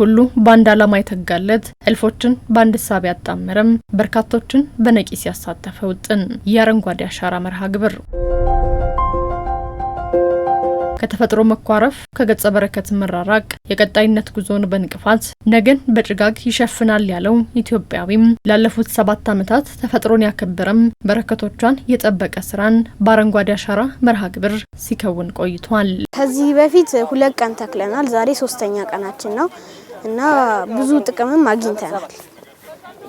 ሁሉ በአንድ ዓላማ የተጋለት እልፎችን በአንድ ሳቢ ያጣመረም በርካቶችን በነቂስ ያሳተፈ ውጥን የአረንጓዴ አሻራ መርሃ ግብር ከተፈጥሮ መኳረፍ ከገጸ በረከት መራራቅ የቀጣይነት ጉዞን በንቅፋት ነገን በጭጋግ ይሸፍናል ያለው ኢትዮጵያዊም ላለፉት ሰባት ዓመታት ተፈጥሮን ያከበረም በረከቶቿን የጠበቀ ስራን በአረንጓዴ አሻራ መርሃ ግብር ሲከውን ቆይቷል። ከዚህ በፊት ሁለት ቀን ተክለናል። ዛሬ ሶስተኛ ቀናችን ነው። እና ብዙ ጥቅምም አግኝተናል።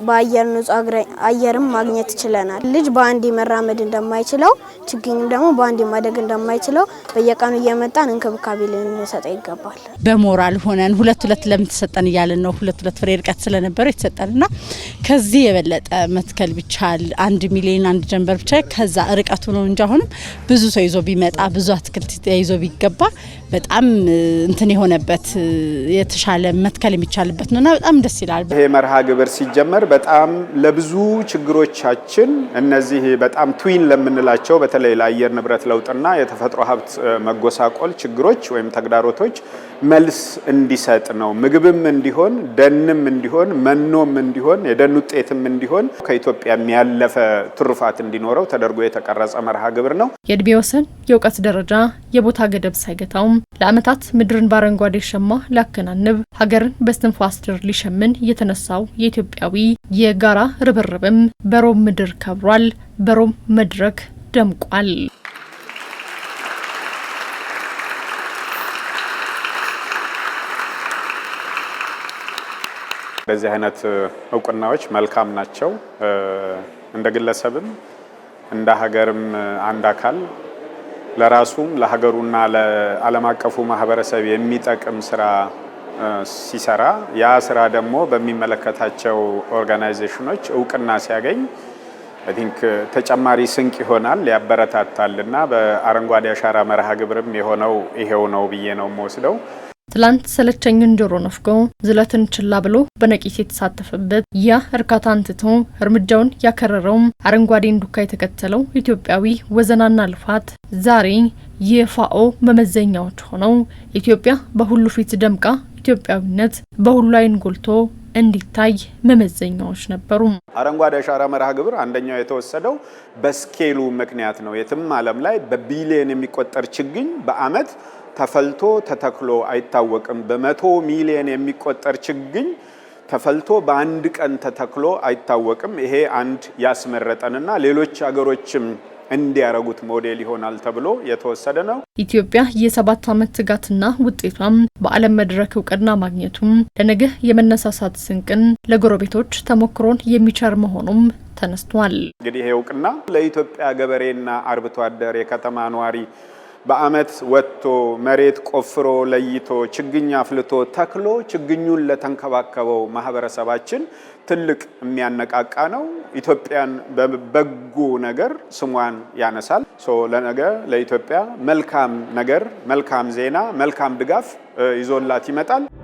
በአየር ንጹህ አየርም ማግኘት ችለናል። ልጅ በአንዴ መራመድ እንደማይችለው ችግኝም ደግሞ በአንዴ ማደግ እንደማይችለው በየቀኑ እየመጣን እንክብካቤ ልንሰጠ ይገባል። በሞራል ሆነን ሁለት ሁለት ለምትሰጠን እያለን ነው። ሁለት ሁለት ፍሬ ርቀት ስለነበረ ና ከዚህ የበለጠ መትከል ብቻል። አንድ ሚሊዮን አንድ ጀንበር ብቻ ከዛ ርቀቱ ነው እንጂ አሁንም ብዙ ሰው ይዞ ቢመጣ ብዙ አትክልት ይዞ ቢገባ በጣም እንትን የሆነበት የተሻለ መትከል የሚቻልበት ነውና በጣም ደስ ይላል። ይሄ መርሃ ግብር ሲጀመር በጣም ለብዙ ችግሮቻችን እነዚህ በጣም ትዊን ለምንላቸው በተለይ ለአየር ንብረት ለውጥና የተፈጥሮ ሀብት መጎሳቆል ችግሮች ወይም ተግዳሮቶች መልስ እንዲሰጥ ነው። ምግብም እንዲሆን፣ ደንም እንዲሆን፣ መኖም እንዲሆን፣ የደን ውጤትም እንዲሆን ከኢትዮጵያ ያለፈ ትሩፋት እንዲኖረው ተደርጎ የተቀረጸ መርሃ ግብር ነው። የእድሜ ወሰን፣ የእውቀት ደረጃ፣ የቦታ ገደብ ሳይገታውም ለአመታት ምድርን በአረንጓዴ ሸማ ሊያከናንብ ሀገርን በስትንፋስ ድር ሊሸምን የተነሳው የኢትዮጵያዊ የጋራ ርብርብም በሮም ምድር ከብሯል፣ በሮም መድረክ ደምቋል። እንደዚህ አይነት እውቅናዎች መልካም ናቸው። እንደ ግለሰብም እንደ ሀገርም አንድ አካል ለራሱም ለሀገሩና ለዓለም አቀፉ ማህበረሰብ የሚጠቅም ስራ ሲሰራ ያ ስራ ደግሞ በሚመለከታቸው ኦርጋናይዜሽኖች እውቅና ሲያገኝ አይ ቲንክ ተጨማሪ ስንቅ ይሆናል፣ ያበረታታል እና በአረንጓዴ አሻራ መርሃ ግብርም የሆነው ይሄው ነው ብዬ ነው የምወስደው። ትላንት ሰለቸኝን ጆሮ ነፍጎ ዝለትን ችላ ብሎ በነቂስ የተሳተፈበት ያ እርካታ አንትቶ እርምጃውን ያከረረውም አረንጓዴ እንዱካ የተከተለው ኢትዮጵያዊ ወዘናና ልፋት ዛሬ የፋኦ መመዘኛዎች ሆነው ኢትዮጵያ በሁሉ ፊት ደምቃ ኢትዮጵያዊነት በሁሉ አይን ጎልቶ እንዲታይ መመዘኛዎች ነበሩ። አረንጓዴ አሻራ መርሃ ግብር አንደኛው የተወሰደው በስኬሉ ምክንያት ነው። የትም ዓለም ላይ በቢሊየን የሚቆጠር ችግኝ በዓመት ተፈልቶ ተተክሎ አይታወቅም። በመቶ ሚሊየን የሚቆጠር ችግኝ ተፈልቶ በአንድ ቀን ተተክሎ አይታወቅም። ይሄ አንድ ያስመረጠንና ሌሎች አገሮችም እንዲያረጉት ሞዴል ይሆናል ተብሎ የተወሰደ ነው። ኢትዮጵያ የሰባት ዓመት ትጋትና ውጤቷም በዓለም መድረክ እውቅና ማግኘቱም ለነገ የመነሳሳት ስንቅን ለጎረቤቶች ተሞክሮን የሚቸር መሆኑም ተነስቷል። እንግዲህ ይህ እውቅና ለኢትዮጵያ ገበሬና አርብቶ አደር የከተማ ነዋሪ በአመት ወጥቶ መሬት ቆፍሮ ለይቶ ችግኝ አፍልቶ ተክሎ ችግኙን ለተንከባከበው ማህበረሰባችን ትልቅ የሚያነቃቃ ነው። ኢትዮጵያን በበጎ ነገር ስሟን ያነሳል። ለነገ ለኢትዮጵያ መልካም ነገር፣ መልካም ዜና፣ መልካም ድጋፍ ይዞላት ይመጣል።